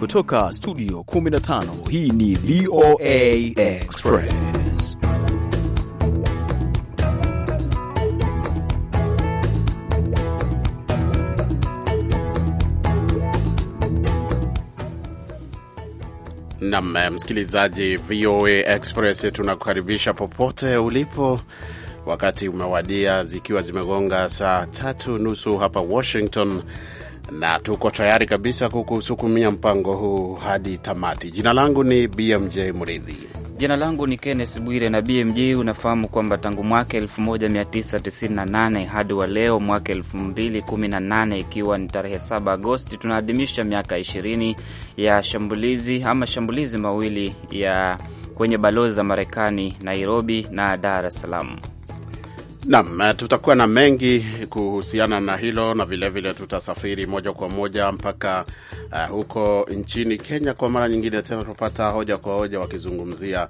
kutoka studio 15 hii ni VOA Express. Nam msikilizaji, VOA Express tunakukaribisha popote ulipo. Wakati umewadia zikiwa zimegonga saa tatu nusu hapa Washington na tuko tayari kabisa kukusukumia mpango huu hadi tamati. Jina langu ni BMJ Mridhi. Jina langu ni Kenneth Bwire. Na BMJ, unafahamu kwamba tangu mwaka 1998 hadi wa leo mwaka 2018, ikiwa ni tarehe 7 Agosti, tunaadhimisha miaka 20 ya shambulizi ama shambulizi mawili ya kwenye balozi za Marekani Nairobi na Dar es Salaam. Naam, eh, tutakuwa na mengi kuhusiana na hilo na vilevile vile tutasafiri moja kwa moja mpaka uh, huko nchini Kenya kwa mara nyingine tena, tupata hoja kwa hoja wakizungumzia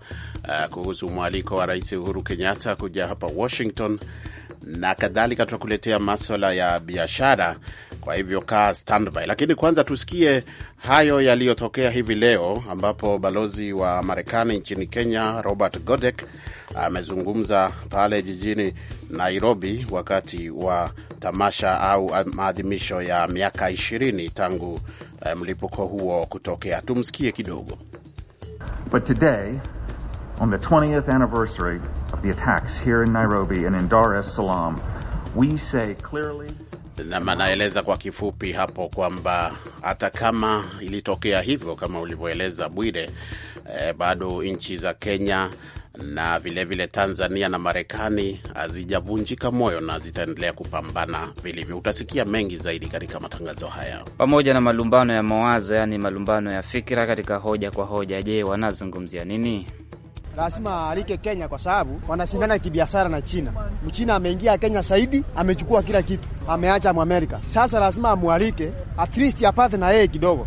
uh, kuhusu mwaliko wa Rais Uhuru Kenyatta kuja hapa Washington na kadhalika. Tutakuletea maswala ya biashara kwa hivyo kaa standby, lakini kwanza tusikie hayo yaliyotokea hivi leo, ambapo balozi wa Marekani nchini Kenya Robert Godek amezungumza pale jijini Nairobi wakati wa tamasha au maadhimisho ya miaka ishirini tangu eh, mlipuko huo kutokea. Tumsikie kidogo. But today, on the 20th anniversary of the attacks here in Nairobi and in Dar es Salaam, we say clearly na naeleza kwa kifupi hapo kwamba hata kama ilitokea hivyo kama ulivyoeleza Bwire, eh, bado nchi za Kenya na vilevile vile Tanzania na Marekani hazijavunjika moyo na zitaendelea kupambana vilivyo. Utasikia mengi zaidi katika matangazo haya, pamoja na malumbano ya mawazo, yaani malumbano ya fikira katika hoja kwa hoja. Je, wanazungumzia nini? lazima alike Kenya kwa sababu wanashindana kibiashara na China. Mchina ameingia Kenya zaidi, amechukua kila kitu, ameacha Mwamerika. Sasa lazima amwalike, at least apate na yeye kidogo.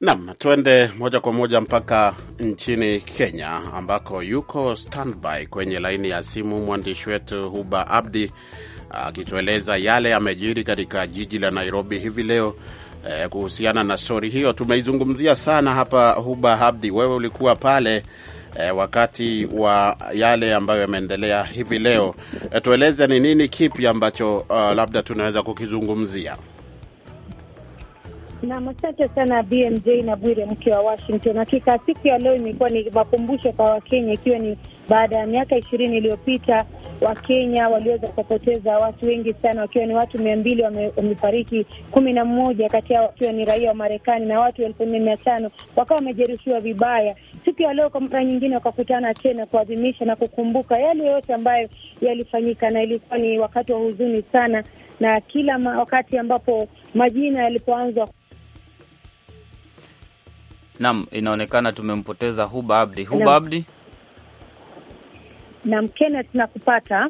Nam, tuende moja kwa moja mpaka nchini Kenya ambako yuko standby kwenye laini ya simu mwandishi wetu Huba Abdi akitueleza yale yamejiri katika jiji la Nairobi hivi leo. Eh, kuhusiana na stori hiyo tumeizungumzia sana hapa. Huba Abdi, wewe ulikuwa pale e, wakati wa yale ambayo yameendelea hivi leo. E, tueleze ni nini kipi ambacho uh, labda tunaweza kukizungumzia. Nam, asante sana BMJ na Bwire, mke wa Washington. Hakika siku ya leo imekuwa ni makumbusho kwa Wakenya, ikiwa ni baada ya miaka ishirini iliyopita Wakenya waliweza kupoteza watu wengi sana, wakiwa ni watu mia mbili wamefariki, kumi na mmoja kati yao wakiwa ni raia wa Marekani na watu elfu nne mia tano wakawa wamejeruhiwa vibaya siku ya leo kwa mara nyingine wakakutana tena kuadhimisha na kukumbuka yale yote ambayo yalifanyika, na ilikuwa ni wakati wa huzuni sana, na kila ma, wakati ambapo majina yalipoanzwa Nam, inaonekana tumempoteza Huba Abdi. Huba Abdi, nam Kenneth, nakupata,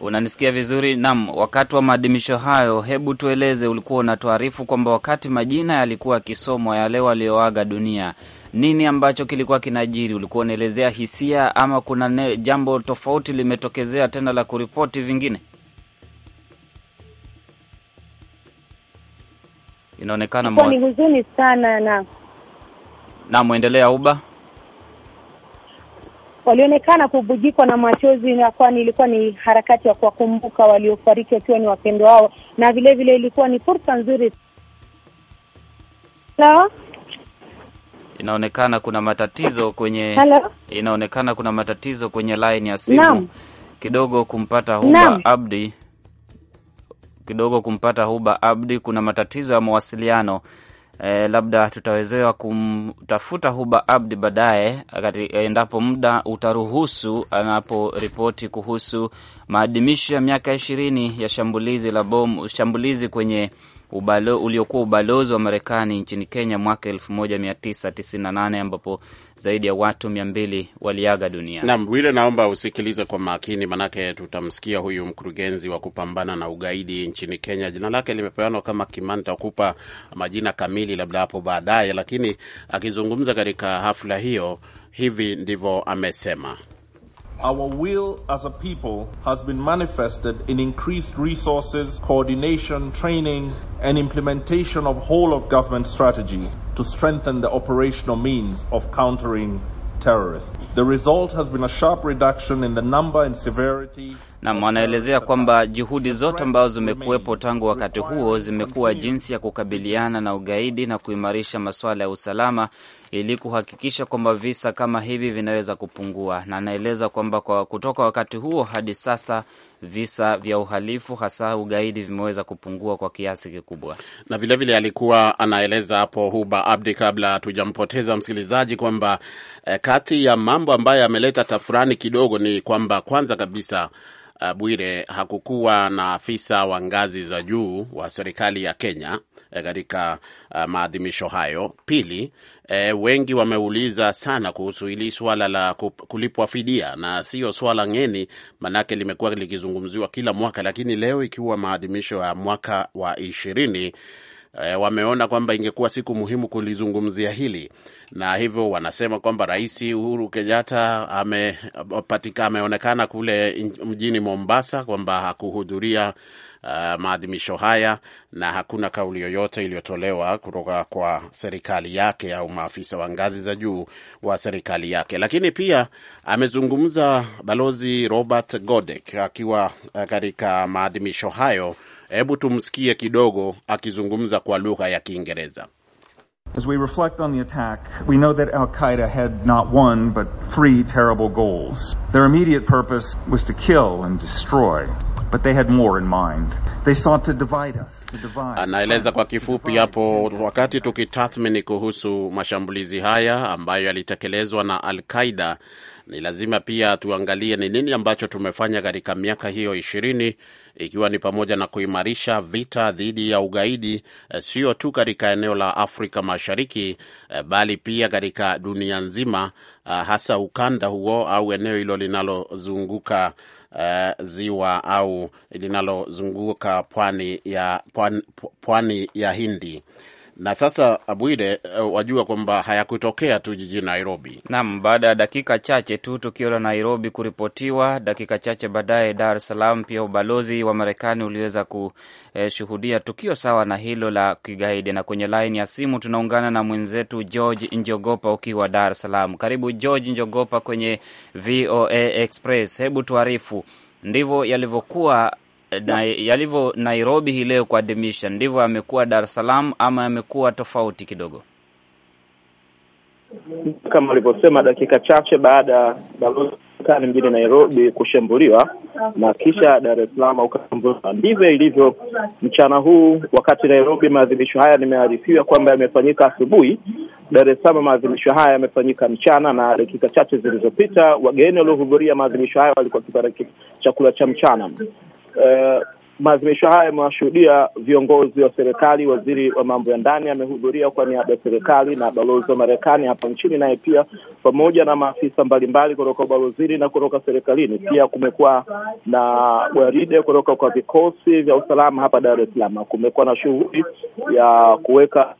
unanisikia vizuri? Nam, wakati wa maadhimisho hayo, hebu tueleze, ulikuwa unatuarifu kwamba wakati majina yalikuwa yakisomwa ya leo walioaga dunia nini ambacho kilikuwa kinajiri? Ulikuwa unaelezea hisia ama kuna ne, jambo tofauti limetokezea tena la kuripoti vingine? Inaonekana ni huzuni sana, na na mwendelea uba walionekana kubujikwa na machozi, na kwani ilikuwa ni harakati ya kuwakumbuka waliofariki wakiwa ni wapendwa wao, na vilevile vile ilikuwa ni fursa nzuri Inaonekana kuna matatizo kwenye Hello? Inaonekana kuna matatizo kwenye line ya simu Naam. Kidogo kumpata Huba Abdi kidogo kumpata Huba Abdi, kuna matatizo ya mawasiliano e, labda tutawezewa kumtafuta Huba Abdi baadaye endapo muda utaruhusu, anaporipoti kuhusu maadhimisho ya miaka ishirini ya shambulizi la bomu, shambulizi kwenye ubalo, uliokuwa ubalozi wa Marekani nchini Kenya mwaka 1998 ambapo zaidi ya watu mia mbili waliaga dunia. Naam, Bwire, naomba usikilize kwa makini, manake tutamsikia huyu mkurugenzi wa kupambana na ugaidi nchini Kenya. Jina lake limepeanwa kama Kimani, takupa majina kamili labda hapo baadaye, lakini akizungumza katika hafla hiyo, hivi ndivyo amesema. Our will as a people has been manifested in increased resources, coordination, training, and implementation of whole of government strategies to strengthen the operational means of countering terrorists. The result has been a sharp reduction in the number and severity Nam anaelezea kwamba juhudi zote ambazo zimekuwepo tangu wakati huo zimekuwa jinsi ya kukabiliana na ugaidi na kuimarisha masuala ya usalama ili kuhakikisha kwamba visa kama hivi vinaweza kupungua. Na anaeleza kwamba kwa kutoka wakati huo hadi sasa visa vya uhalifu hasa ugaidi vimeweza kupungua kwa kiasi kikubwa. Na vilevile vile alikuwa anaeleza hapo Huba Abdi, kabla hatujampoteza msikilizaji, kwamba eh, kati ya mambo ambayo yameleta tafurani kidogo ni kwamba kwanza kabisa Eh, Bwire, hakukuwa na afisa wa ngazi za juu wa serikali ya Kenya eh, katika uh, maadhimisho hayo. Pili, e, wengi wameuliza sana kuhusu hili swala la kulipwa fidia, na sio swala ngeni, manake limekuwa likizungumziwa kila mwaka, lakini leo ikiwa maadhimisho ya mwaka wa ishirini e, wameona kwamba ingekuwa siku muhimu kulizungumzia hili, na hivyo wanasema kwamba Rais Uhuru Kenyatta amepatika ameonekana kule mjini Mombasa kwamba hakuhudhuria Uh, maadhimisho haya na hakuna kauli yoyote iliyotolewa kutoka kwa serikali yake au maafisa wa ngazi za juu wa serikali yake. Lakini pia amezungumza Balozi Robert Godek akiwa eh, katika maadhimisho hayo Hebu tumsikie kidogo akizungumza kwa lugha ya Kiingereza. As we reflect on the attack, we know that Al Qaeda had not one but three terrible goals. Their immediate purpose was to kill and destroy, but they had more in mind. They sought to divide us, to divide. Anaeleza kwa kifupi hapo, wakati tukitathmini kuhusu mashambulizi haya ambayo yalitekelezwa na Al Qaeda ni lazima pia tuangalie ni nini ambacho tumefanya katika miaka hiyo ishirini ikiwa ni pamoja na kuimarisha vita dhidi ya ugaidi, eh, sio tu katika eneo la Afrika Mashariki eh, bali pia katika dunia nzima, eh, hasa ukanda huo au eneo hilo linalozunguka Uh, ziwa au linalozunguka pwani ya, pwani ya Hindi na sasa abwide uh, eh, wajua kwamba hayakutokea tu jijini Nairobi. Naam, baada ya dakika chache tu tukio la Nairobi kuripotiwa, dakika chache baadaye Dar es Salaam pia ubalozi wa Marekani uliweza kushuhudia tukio sawa na hilo la kigaidi. Na kwenye laini ya simu tunaungana na mwenzetu George Njogopa ukiwa Dar es Salaam. Karibu George Njogopa kwenye VOA Express. Hebu tuarifu ndivyo yalivyokuwa na yalivyo Nairobi hii leo kuadhimisha, ndivyo yamekuwa Dar es Salaam, ama yamekuwa tofauti kidogo? Kama alivyosema dakika chache baada ya balozi Marekani mjini Nairobi kushambuliwa na kisha Dar es Salaam ukashambuliwa, ndivyo ilivyo mchana huu. Wakati Nairobi maadhimisho haya nimearifiwa kwamba yamefanyika asubuhi, Dar es Salaam maadhimisho haya yamefanyika mchana, na dakika chache zilizopita wageni waliohudhuria maadhimisho haya walikuwa wakipata chakula cha mchana eh, maadhimisho haya yamewashuhudia viongozi wa serikali. Waziri wa mambo ya ndani amehudhuria kwa niaba ya serikali na balozi wa Marekani hapa nchini naye pia, pamoja na maafisa mbalimbali kutoka ubalozini na kutoka serikalini. Pia kumekuwa na gwaride kutoka kwa vikosi vya usalama hapa Dar es Salaam. Kumekuwa na shughuli ya kuweka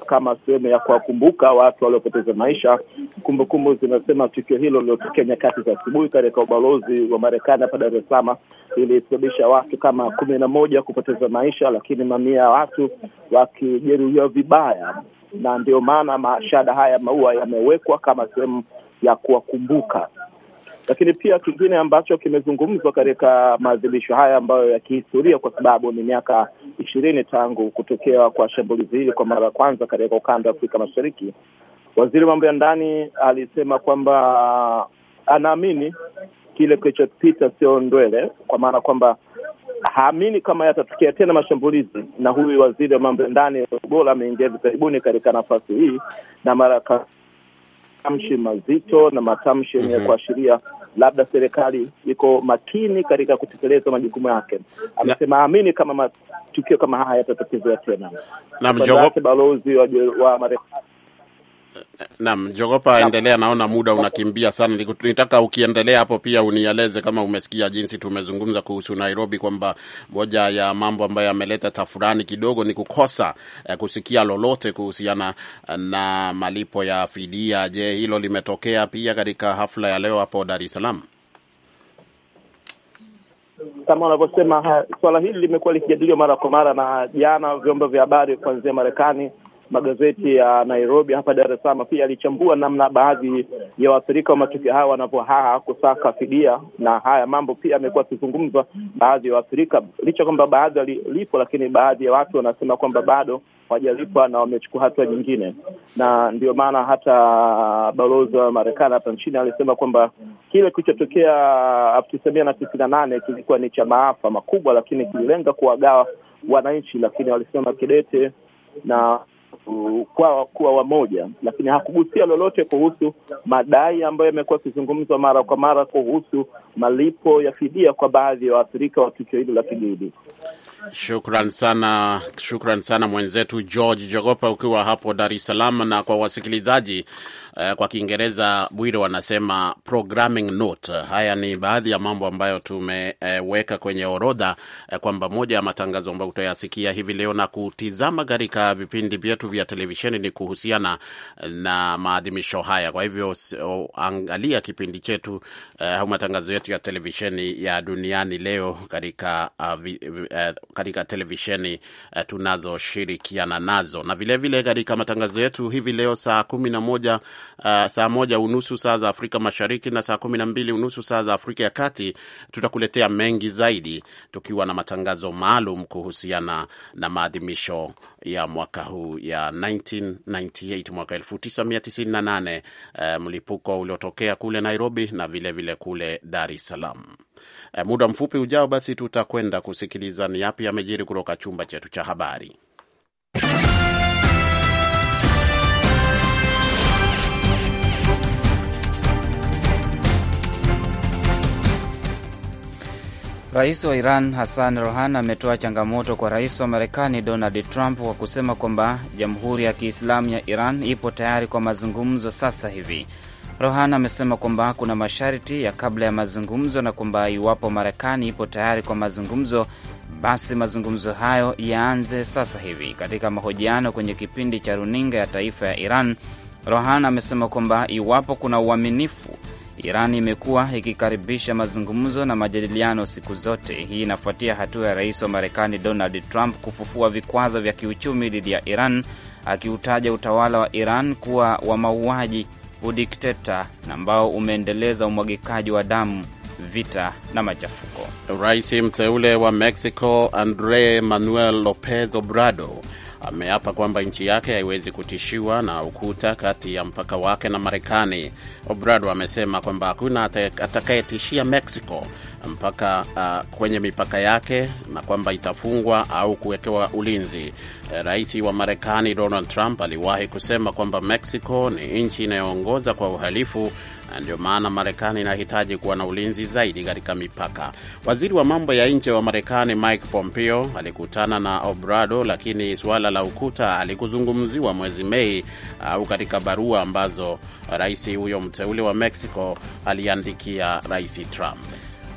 kama sehemu ya kuwakumbuka watu waliopoteza maisha. Kumbukumbu zinasema tukio hilo lililotokea nyakati za asubuhi katika ubalozi wa Marekani hapa Dar es Salaam lilisababisha watu kama kumi na moja kupoteza maisha, lakini mamia ya watu wakijeruhiwa vibaya, na ndio maana mashada haya maua yamewekwa kama sehemu ya kuwakumbuka lakini pia kingine ambacho kimezungumzwa katika maadhimisho haya ambayo ya kihistoria, kwa sababu ni miaka ishirini tangu kutokea kwa shambulizi hili kwa mara ya kwanza katika ukanda wa Afrika Mashariki, waziri wa mambo ya ndani alisema kwamba anaamini kile kilichopita sio ndwele, kwa maana kwamba haamini kama yatatokea tena mashambulizi. Na huyu waziri wa mambo ya ndani Gola ameingia hivi karibuni katika nafasi hii, na mara matamshi mazito na matamshi yenye mm -hmm. kuashiria labda serikali iko makini katika kutekeleza majukumu yake. Amesema amini kama matukio kama haya yatatokezea tena. Balozi wa, wa Marekani eh, Naam, jogopa endelea, naona muda unakimbia sana. Nitaka ukiendelea hapo pia unieleze kama umesikia jinsi tumezungumza kuhusu Nairobi, kwamba moja ya mambo ambayo yameleta tafurani kidogo ni kukosa eh, kusikia lolote kuhusiana eh, na malipo ya fidia. Je, hilo limetokea pia katika hafla ya leo hapo Dar es Salaam? Kama unavyosema, swala hili limekuwa likijadiliwa mara kwa mara, na jana vyombo vya habari kuanzia Marekani magazeti ya Nairobi hapa Dar es Salaam pia yalichambua namna baadhi ya waathirika wa matukio haya wanavyohaha kusaka fidia, na haya mambo pia yamekuwa akizungumzwa baadhi ya waathirika, licha kwamba baadhi walilipwa, lakini baadhi ya watu wanasema kwamba bado wajalipwa na wamechukua hatua nyingine, na ndio maana hata balozi wa Marekani hapa nchini alisema kwamba kile kilichotokea elfu tisa mia na tisini na nane kilikuwa ni cha maafa makubwa, lakini kililenga kuwagawa wananchi, lakini walisema kidete na kwa kuwa wamoja, lakini hakugusia lolote kuhusu madai ambayo yamekuwa yakizungumzwa mara kwa mara kuhusu malipo ya fidia kwa baadhi ya wa waathirika wa tukio hilo la kigaidi. Shukran sana, shukran sana mwenzetu George Jogopa ukiwa hapo Dar es Salaam, na kwa wasikilizaji Eh, kwa Kiingereza Bwiro wanasema programming note. Haya ni baadhi ya mambo ambayo tumeweka kwenye orodha eh, kwamba moja ya matangazo ambayo utayasikia hivi leo na kutizama katika vipindi vyetu vya televisheni ni kuhusiana eh, na maadhimisho haya. Kwa hivyo angalia kipindi chetu au uh, matangazo yetu ya televisheni ya duniani leo katika uh, uh, katika televisheni uh, tunazoshirikiana nazo na vilevile katika matangazo yetu hivi leo saa kumi na moja uh, saa moja unusu saa za Afrika Mashariki na saa kumi na mbili unusu saa za Afrika ya Kati. Tutakuletea mengi zaidi tukiwa na matangazo maalum kuhusiana na maadhimisho ya mwaka huu ya 1998 mwaka 1998, uh, eh, mlipuko uliotokea kule Nairobi na vilevile vile kule Dar es Salaam. Uh, muda mfupi ujao, basi tutakwenda kusikiliza ni yapi yamejiri kutoka chumba chetu cha habari. Rais wa Iran Hassan Rohan ametoa changamoto kwa rais wa Marekani Donald Trump kwa kusema kwamba Jamhuri ya Kiislamu ya Iran ipo tayari kwa mazungumzo sasa hivi. Rohan amesema kwamba kuna masharti ya kabla ya mazungumzo na kwamba iwapo Marekani ipo tayari kwa mazungumzo, basi mazungumzo hayo yaanze sasa hivi. Katika mahojiano kwenye kipindi cha runinga ya taifa ya Iran, Rohan amesema kwamba iwapo kuna uaminifu Iran imekuwa ikikaribisha mazungumzo na majadiliano siku zote. Hii inafuatia hatua ya rais wa Marekani Donald Trump kufufua vikwazo vya kiuchumi dhidi ya Iran, akiutaja utawala wa Iran kuwa wa mauaji, udikteta na ambao umeendeleza umwagikaji wa damu vita na machafuko. Rais mteule wa Mexico Andre Manuel Lopez Obrador ameapa kwamba nchi yake haiwezi kutishiwa na ukuta kati ya mpaka wake na Marekani. Obrador amesema kwamba hakuna atakayetishia Mexico mpaka uh, kwenye mipaka yake na kwamba itafungwa au kuwekewa ulinzi. Eh, rais wa Marekani Donald Trump aliwahi kusema kwamba Mexico ni nchi inayoongoza kwa uhalifu na ndio maana Marekani inahitaji kuwa na ulinzi zaidi katika mipaka. Waziri wa mambo ya nje wa Marekani Mike Pompeo alikutana na Obrado, lakini suala la ukuta alikuzungumziwa mwezi Mei uh, au katika barua ambazo rais huyo mteule wa Mexico aliandikia rais Trump.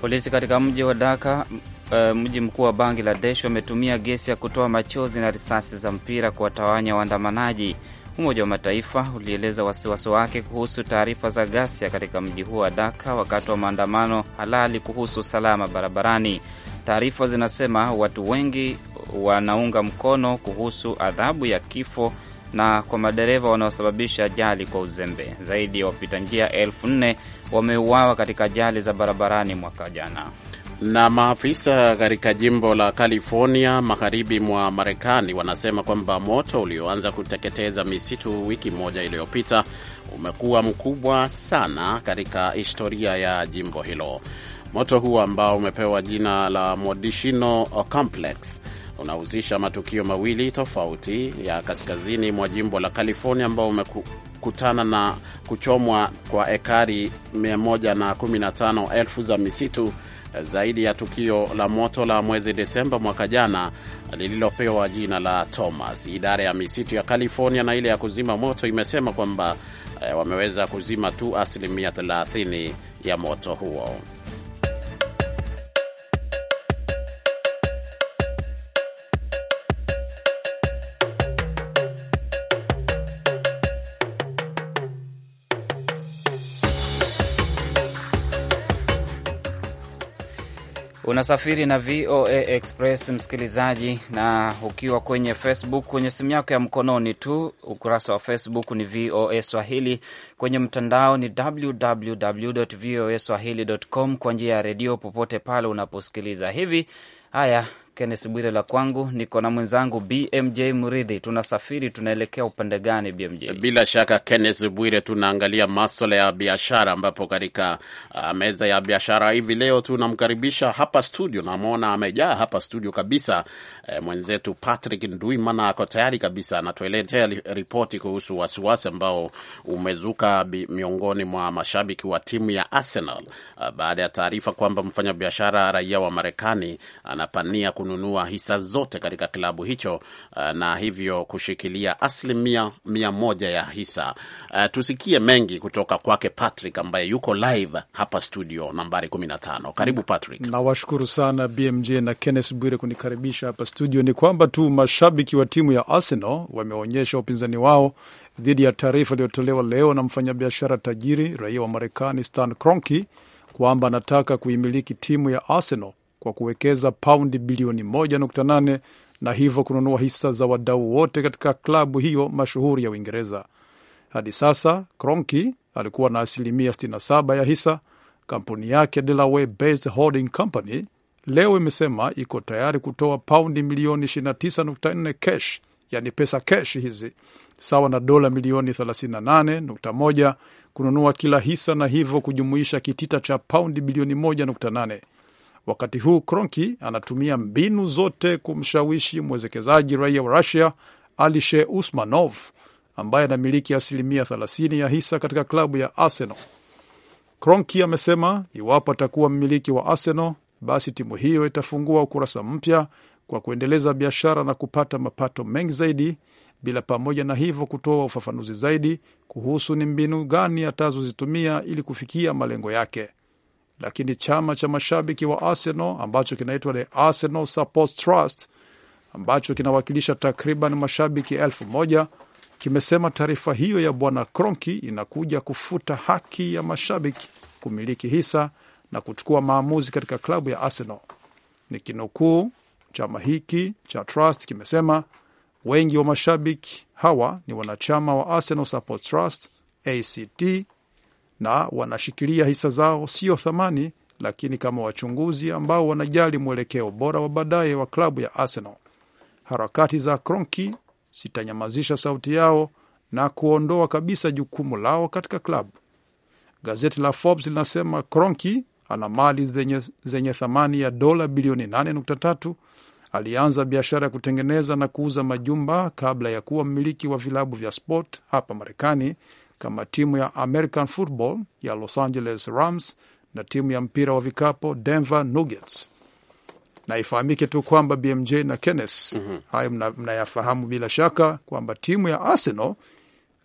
Polisi katika mji wa Dhaka Uh, mji mkuu wa Bangladesh wametumia gesi ya kutoa machozi na risasi za mpira kuwatawanya waandamanaji. Umoja wa Mataifa ulieleza wasiwasi wake kuhusu taarifa za ghasia katika mji huo wa Daka wakati wa maandamano halali kuhusu usalama barabarani. Taarifa zinasema watu wengi wanaunga mkono kuhusu adhabu ya kifo na kwa madereva wanaosababisha ajali kwa uzembe. Zaidi ya wapita njia elfu nne wameuawa katika ajali za barabarani mwaka jana. Na maafisa katika jimbo la California magharibi mwa Marekani wanasema kwamba moto ulioanza kuteketeza misitu wiki moja iliyopita umekuwa mkubwa sana katika historia ya jimbo hilo. Moto huo ambao umepewa jina la Modishino Complex unahusisha matukio mawili tofauti ya kaskazini mwa jimbo la California ambao umekutana na kuchomwa kwa ekari 115,000 za misitu zaidi ya tukio la moto la mwezi Desemba mwaka jana lililopewa jina la Thomas. Idara ya misitu ya California na ile ya kuzima moto imesema kwamba eh, wameweza kuzima tu asilimia 30 ya moto huo. Unasafiri na VOA Express msikilizaji, na ukiwa kwenye Facebook, kwenye simu yako ya mkononi tu, ukurasa wa Facebook ni VOA Swahili, kwenye mtandao ni www voa swahili com, kwa njia ya redio, popote pale unaposikiliza hivi haya Kennes Bwire la kwangu, niko na mwenzangu BMJ mridhi Tunasafiri, tunaelekea upande gani BMJ? E, bila shaka Kennes Bwire, tunaangalia maswala ya biashara, ambapo katika uh, meza ya biashara hivi leo tunamkaribisha hapa studio, namwona amejaa hapa studio kabisa eh, mwenzetu Patrick Nduimana ako tayari kabisa, anatueletea ripoti kuhusu wasiwasi ambao umezuka miongoni mwa mashabiki wa timu ya Arsenal uh, baada ya taarifa kwamba mfanyabiashara raia wa Marekani anapania kun kununua hisa zote katika klabu hicho eh, na hivyo kushikilia asilimia mia moja ya hisa. Eh, tusikie mengi kutoka kwake Patrick ambaye yuko live hapa studio nambari 15. Karibu Patrick. Nawashukuru sana BMJ na Kenneth Bwire kunikaribisha hapa studio. Ni kwamba tu mashabiki wa timu ya Arsenal wameonyesha upinzani wao dhidi ya taarifa iliyotolewa leo na mfanyabiashara tajiri raia wa Marekani Stan Kroenke kwamba anataka kuimiliki timu ya Arsenal kwa kuwekeza paundi bilioni 1.8 na hivyo kununua hisa za wadau wote katika klabu hiyo mashuhuri ya Uingereza. Hadi sasa Cronki alikuwa na asilimia 67 ya hisa. Kampuni yake Delaware Based Holding Company leo imesema iko tayari kutoa paundi milioni 29.4 cash, yani pesa cash hizi sawa na dola milioni 38.1 kununua kila hisa na hivyo kujumuisha kitita cha paundi bilioni 1.8. Wakati huu Kronki anatumia mbinu zote kumshawishi mwezekezaji raia wa Rusia Alishe Usmanov ambaye anamiliki asilimia 30 ya hisa katika klabu ya Arsenal. Kronki amesema iwapo atakuwa mmiliki wa Arsenal, basi timu hiyo itafungua ukurasa mpya kwa kuendeleza biashara na kupata mapato mengi zaidi, bila pamoja na hivyo kutoa ufafanuzi zaidi kuhusu ni mbinu gani atazozitumia ili kufikia malengo yake lakini chama cha mashabiki wa Arsenal ambacho kinaitwa the Arsenal Support Trust ambacho kinawakilisha takriban mashabiki elfu moja kimesema taarifa hiyo ya bwana Kronki inakuja kufuta haki ya mashabiki kumiliki hisa na kuchukua maamuzi katika klabu ya Arsenal. Ni kinukuu, chama hiki cha Trust kimesema wengi wa mashabiki hawa ni wanachama wa Arsenal Support Trust ACT na wanashikilia hisa zao, sio thamani, lakini kama wachunguzi ambao wanajali mwelekeo bora wa baadaye wa klabu ya Arsenal. Harakati za Kronki zitanyamazisha sauti yao na kuondoa kabisa jukumu lao katika klabu. Gazeti la Forbes linasema Kronki ana mali zenye, zenye thamani ya dola bilioni 8.3. Alianza biashara ya kutengeneza na kuuza majumba kabla ya kuwa mmiliki wa vilabu vya sport hapa Marekani kama timu ya American Football ya Los Angeles Rams na timu ya mpira wa vikapo Denver Nuggets. Na ifahamike tu kwamba BMJ na Kenneth, mm -hmm. hayo mnayafahamu mna bila shaka kwamba timu ya Arsenal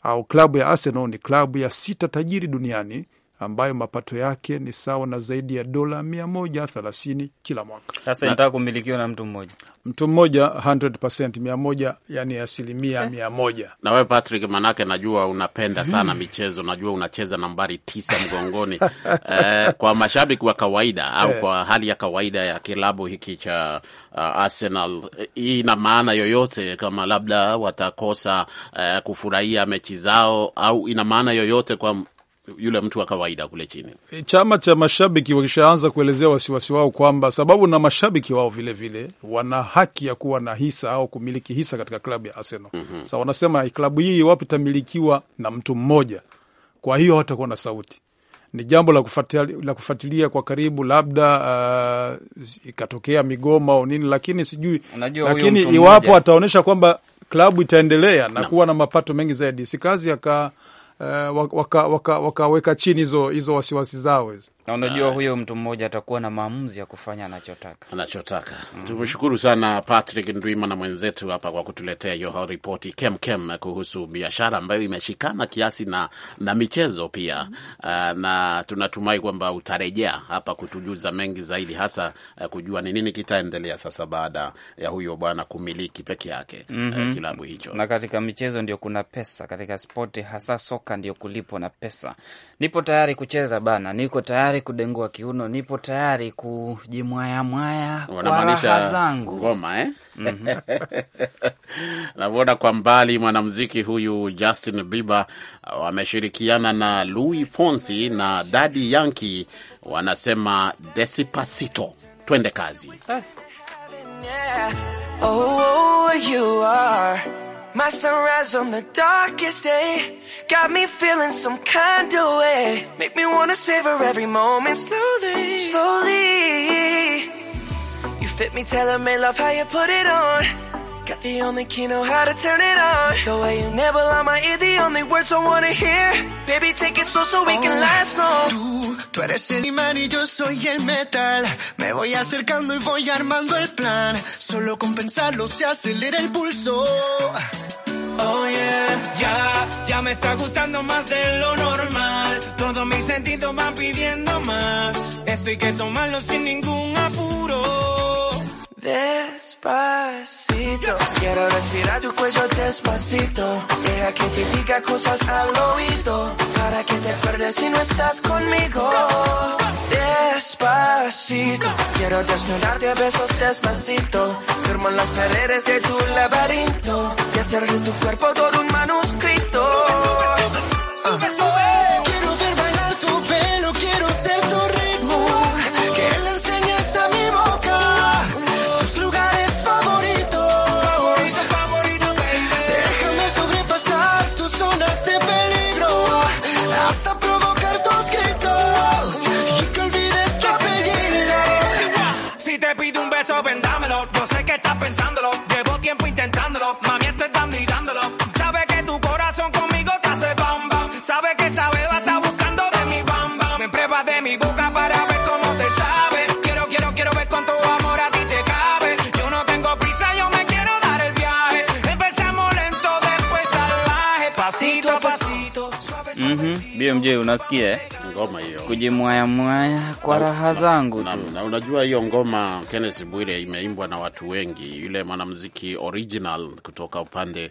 au klabu ya Arsenal ni klabu ya sita tajiri duniani ambayo mapato yake ni sawa na zaidi ya dola mia moja thelathini kila mwaka. Sasa inataka kumilikiwa na mtu mmoja, mtu mmoja 100% mia moja, yani asilimia eh. mia moja. Na wewe Patrick, manake najua unapenda mhm. sana michezo, najua unacheza nambari tisa mgongoni eh, kwa mashabiki wa kawaida au eh, kwa hali ya kawaida ya kilabu hiki cha uh, Arsenal, hii ina maana yoyote kama labda watakosa uh, kufurahia mechi zao au ina maana yoyote kwa yule mtu wa kawaida kule chini. E, chama cha mashabiki wakishaanza kuelezea wasiwasi wao kwamba sababu na mashabiki wao vile vile, wana haki ya kuwa na hisa au kumiliki hisa katika klabu ya Arsenal mm -hmm. Sa wanasema klabu hii wapi itamilikiwa na mtu mmoja, kwa hiyo hawatakuwa na sauti. Ni jambo la kufuatilia kwa karibu, labda uh, ikatokea migoma au nini, lakini sijui, lakini iwapo ataonyesha kwamba klabu itaendelea na no. kuwa na mapato mengi zaidi, si kazi akaa uh, eh, wakaweka waka, waka chini hizo hizo wasiwasi zao hizo na unajua huyo mtu mmoja atakuwa na maamuzi ya kufanya anachotaka anachotaka. mm -hmm. Tumshukuru sana Patrick Ndwima na mwenzetu hapa kwa kutuletea hiyo ripoti kemkem kuhusu biashara ambayo imeshikana kiasi na, na michezo pia. mm -hmm. Uh, na tunatumai kwamba utarejea hapa kutujuza mengi zaidi, hasa uh, kujua ni nini kitaendelea sasa baada ya huyo bwana kumiliki peke yake mm -hmm. uh, mhm. kilabu hicho. Na katika michezo ndio kuna pesa, katika spoti hasa soka ndio kulipo na pesa. Nipo tayari kucheza bana, niko tayari tayari kudengua kiuno, nipo tayari kujimwayamwaya kwa raha zangu ngoma eh? Mhm. Namuona kwa mbali mwanamuziki huyu Justin Bieber uh, wameshirikiana na Louis Fonsi na Daddy Yankee, wanasema Despacito. Twende kazi eh. Oh, oh, oh you are. My sunrise on the darkest day got me feeling some kind of way. Make me wanna savor every moment slowly, slowly. You fit me, tailor made love how you put it on. Got the only key know how to turn it on. The way you never on my ear, the only words I wanna hear. Baby, take it slow so we oh, can last long. Tú, tú eres el imán y yo soy el metal. Me voy acercando y voy armando el plan. Solo con pensarlo se acelera el pulso. Oh yeah, ya, ya me está gustando más de lo normal. todo mi sentido va pidiendo más. Esto hay que tomarlo sin ningún apuro. Despacito, quiero respirar tu cuello despacito. Deja que te diga cosas al oído. Para que te acuerdes si no estás conmigo. Despacito, quiero desnudarte a besos despacito. Firmo las paredes de tu laberinto y hacer tu cuerpo todo un manual. BMJ, unasikia eh? Ngoma hiyo kujimwaya mwaya kwa raha zangu na, na, na unajua hiyo ngoma Kenneth Bwire imeimbwa na watu wengi. Yule mwanamuziki original kutoka upande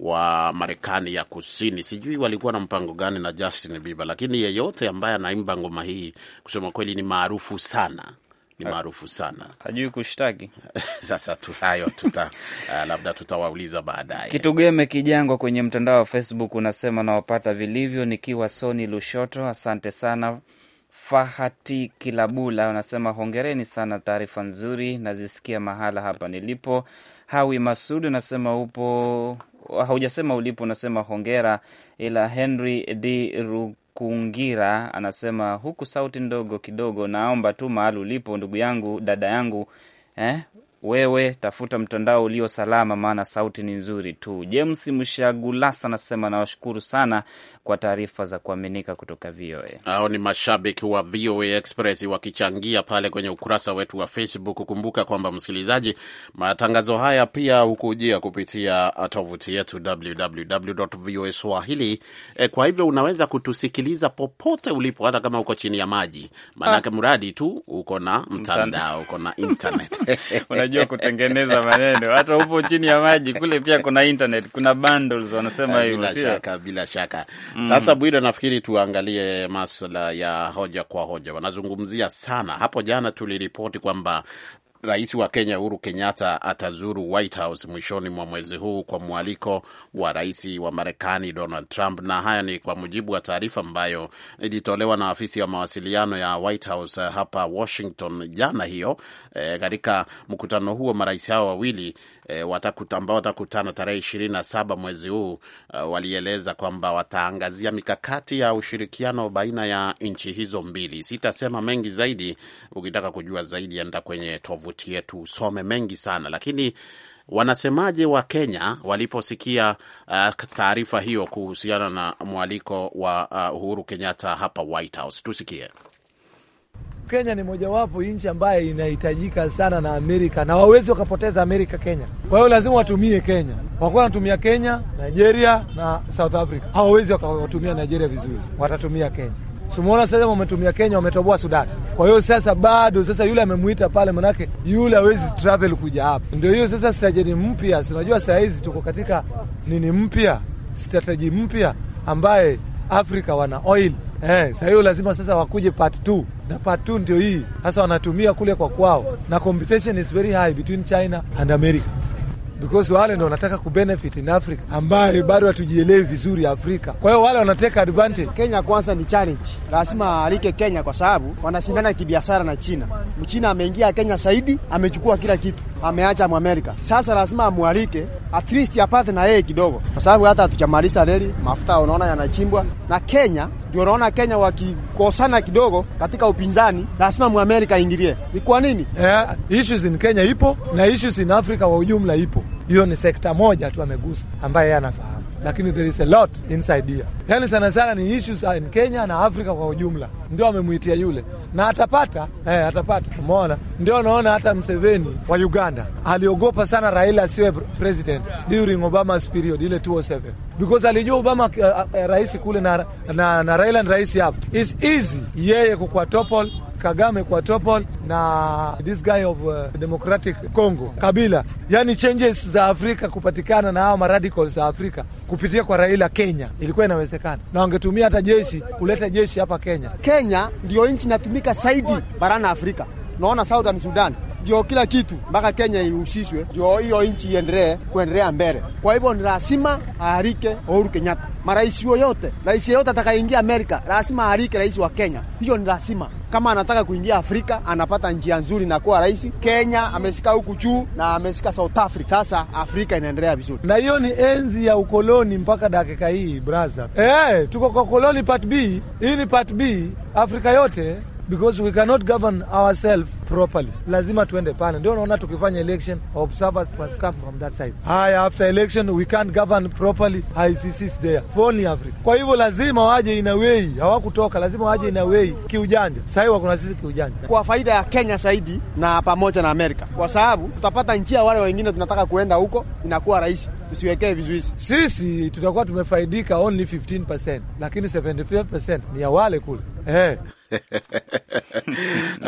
wa Marekani ya Kusini, sijui walikuwa na mpango gani na Justin Bieber, lakini yeyote ambaye anaimba ngoma hii kusema kweli ni maarufu sana ni maarufu sana, hajui kushtaki sasa tu hayo tuta, uh, labda tutawauliza baadaye. Kitugeme Kijangwa kwenye mtandao wa Facebook unasema nawapata vilivyo nikiwa Soni Lushoto, asante sana. Fahati Kilabula unasema hongereni sana, taarifa nzuri, nazisikia mahala hapa nilipo. Hawi Masudi nasema upo haujasema ulipo, unasema hongera, ila Henry D Ruk Kungira anasema huku sauti ndogo kidogo, naomba tu mahali ulipo ndugu yangu, dada yangu eh, wewe tafuta mtandao ulio salama, maana sauti ni nzuri tu. James Mshagulasa anasema nawashukuru sana kwa taarifa za kuaminika kutoka VOA. Hao ni mashabiki wa VOA Express wakichangia pale kwenye ukurasa wetu wa Facebook. Kumbuka kwamba msikilizaji, matangazo haya pia hukujia kupitia tovuti yetu swahili. E, eh, kwa hivyo unaweza kutusikiliza popote ulipo, hata kama uko chini ya maji, maanake ah. mradi tu uko na mtandao, uko na internet wanajua kutengeneza maneno hata hupo chini ya maji kule, pia kuna internet, kuna bundles wanasema eh, hivyo. Bila shaka, bila shaka. Mm. Sasa bwido nafikiri tuangalie masuala ya hoja kwa hoja. Wanazungumzia sana hapo, jana tuliripoti kwamba Rais wa Kenya Uhuru Kenyatta atazuru White House mwishoni mwa mwezi huu kwa mwaliko wa rais wa Marekani Donald Trump, na haya ni kwa mujibu wa taarifa ambayo ilitolewa na afisi ya mawasiliano ya White House hapa Washington jana hiyo. E, katika mkutano huo marais hao wawili e, eh, watakuta, ambao watakutana tarehe ishirini na saba mwezi huu uh, walieleza kwamba wataangazia mikakati ya ushirikiano baina ya nchi hizo mbili. Sitasema mengi zaidi, ukitaka kujua zaidi enda kwenye tovuti yetu usome mengi sana, lakini wanasemaje wa Kenya waliposikia uh, taarifa hiyo kuhusiana na mwaliko wa uh, Uhuru Kenyatta hapa White House? Tusikie. Kenya ni mojawapo nchi ambaye inahitajika sana na Amerika, na wawezi wakapoteza Amerika Kenya. Kwa hiyo lazima watumie Kenya, wakuwa wanatumia Kenya, Nigeria na South Africa. Hawawezi wakawatumia Nigeria vizuri, watatumia Kenya. Simuona sasa wametumia Kenya, wametoboa sudan Kwa hiyo sasa bado sasa yule amemwita pale, manake yule hawezi travel kuja hapa. Ndio hiyo sasa strategy mpya, unajua saa hizi tuko katika nini mpya, strategy mpya ambaye Afrika wana oil Eh, sasa hiyo lazima sasa wakuje part 2 na part 2 ndio hii sasa wanatumia kule kwa kwao, na competition is very high between China and America because wale ndo wanataka kubenefit in Africa ambaye bado hatujielewi vizuri Afrika. Kwa hiyo wale wanateka advantage. Kenya kwanza ni challenge, lazima alike Kenya kwa sababu wanashindana kibiashara na China. Mchina ameingia Kenya zaidi, amechukua kila kitu, ameacha Mwamerika. Sasa lazima amwalike at least apate na yeye kidogo, kwa sababu hata hatujamaliza reli, mafuta unaona yanachimbwa na Kenya. Ndio unaona Kenya wakikosana kidogo katika upinzani, lazima muamerika aingilie. Ni kwa nini? Yeah, issues in Kenya ipo na issues in Africa kwa ujumla ipo. Hiyo ni sekta moja tu amegusa, ambaye yeye anafahamu, lakini there is a lot inside here. Yani sana sana ni issues in Kenya na Africa kwa ujumla, ndio amemwitia yule na atapata eh, atapata. Umeona, ndio naona hata Mseveni wa Uganda aliogopa sana Raila asiwe president during Obama's period ile 2007 because alijua Obama uh, uh, rais kule na, na, na Raila ni rais hapa, is easy yeye kukwatopol topol Kagame kwa Topol na this guy of uh, Democratic Congo Kabila, yani changes za Afrika kupatikana na hawa maradicals za Afrika kupitia kwa Raila Kenya ilikuwa inawezekana, na wangetumia hata jeshi kuleta jeshi hapa Kenya. Kenya ndio nchi inatumika zaidi barani Afrika. Naona Southern Sudan ndio kila kitu mpaka Kenya ihusishwe ndio hiyo nchi iendelee kuendelea mbele. Kwa hivyo ni lazima aharike Uhuru Kenyatta, marais yoyote, rais yeyote atakayeingia Amerika lazima aharike rais wa Kenya. Hiyo ni lazima. Kama anataka kuingia Afrika anapata njia nzuri na kuwa rahisi. Kenya ameshika huku juu na ameshika South Africa, sasa Afrika inaendelea vizuri, na hiyo ni enzi ya ukoloni mpaka dakika hii brother. Eh, tuko kwa koloni part B. Hii ni part B, Afrika yote because we cannot govern ourselves properly. Lazima tuende pale, ndio unaona tukifanya election observers must come from that side. Haya, after election we can't govern properly, ICC is there for only Africa. Kwa hivyo lazima waje in a way, hawakutoka lazima waje in a way kiujanja. Sasa hivi kuna sisi kiujanja, kwa faida ya Kenya zaidi na pamoja na Amerika, kwa sababu tutapata njia wale wengine tunataka kuenda huko, inakuwa rahisi tusiwekee vizuizi. Sisi tutakuwa tumefaidika only 15%, lakini 75% ni ya wale kule eh. Hey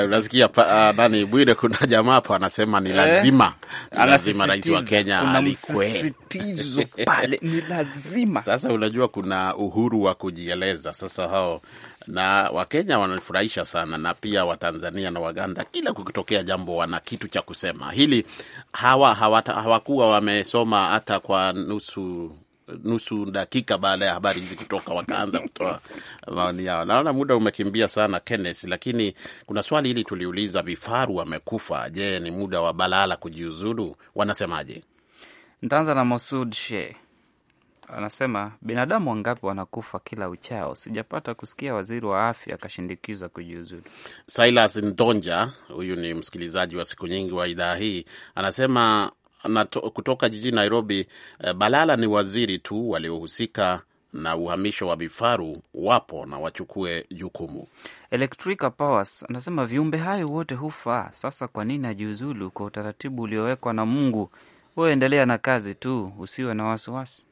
unasikia ah, nani Bwire, kuna jamaa hapo anasema ni lazima eh, lazima rais wa Kenya alikwe pale ni lazima. Sasa unajua kuna uhuru wa kujieleza sasa hao na Wakenya wanafurahisha sana na pia Watanzania na Waganda, kila kukitokea jambo wana kitu cha kusema. Hili hawa hawakuwa wamesoma hata kwa nusu nusu dakika baada ya habari hizi kutoka, wakaanza kutoa maoni yao. Naona muda umekimbia sana Kenneth, lakini kuna swali hili tuliuliza, vifaru wamekufa. Je, ni muda wa Balala kujiuzulu? Wanasemaje? Ntaanza na Mosud She anasema binadamu wangapi wanakufa kila uchao? Sijapata kusikia waziri wa afya akashindikizwa kujiuzulu. Silas Ndonja, huyu ni msikilizaji wa siku nyingi wa idhaa hii, anasema nato, kutoka jijini Nairobi. Eh, Balala ni waziri tu waliohusika na uhamisho wa vifaru wapo na wachukue jukumu. Electrica Powers anasema viumbe hayo wote hufaa. Sasa kwa nini ajiuzulu kwa utaratibu uliowekwa na Mungu? Wewe endelea na kazi tu, usiwe na wasiwasi.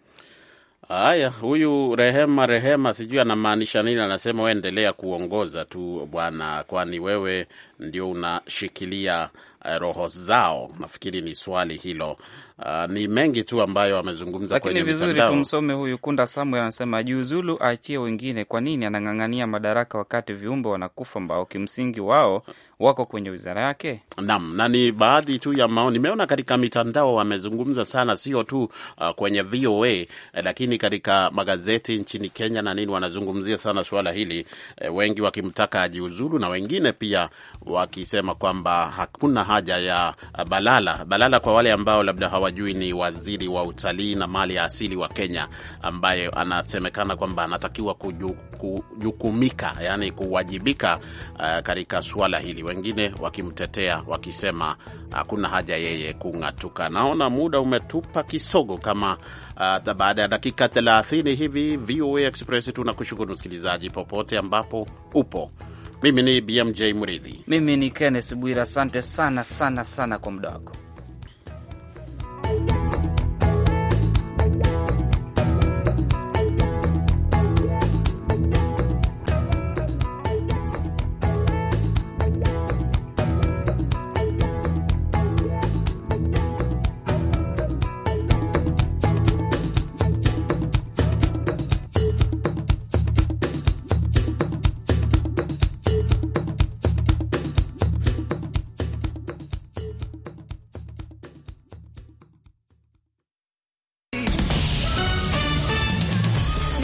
Haya, huyu Rehema Rehema sijui anamaanisha nini, anasema we endelea kuongoza tu bwana, kwani wewe ndio unashikilia Eh, roho zao? Nafikiri ni swali hilo. Uh, ni mengi tu ambayo amezungumza kwenye mitandao. Vizuri, tumsome huyu Kunda Samuel anasema, jiuzulu, aachie wengine. Kwa nini anang'ang'ania madaraka wakati viumbe wanakufa ambao kimsingi wao wako kwenye wizara yake? Naam, na ni baadhi tu ya maoni nimeona katika mitandao, wamezungumza sana, sio tu uh, kwenye VOA eh, lakini katika magazeti nchini Kenya na nini wanazungumzia sana suala hili eh, wengi wakimtaka ajiuzulu na wengine pia wakisema kwamba hakuna haja ya uh, Balala. Balala kwa wale ambao labda hawajui, ni waziri wa utalii na mali ya asili wa Kenya, ambaye anasemekana kwamba anatakiwa kujukumika, yani kuwajibika uh, katika suala hili, wengine wakimtetea wakisema hakuna uh, haja yeye kung'atuka. Naona muda umetupa kisogo kama Uh, baada ya dakika 30 hivi, VOA Express tunakushukuru msikilizaji popote ambapo upo mimi ni BMJ Mridhi, mimi ni kennes Bwira. Asante sana sana sana kwa muda wako.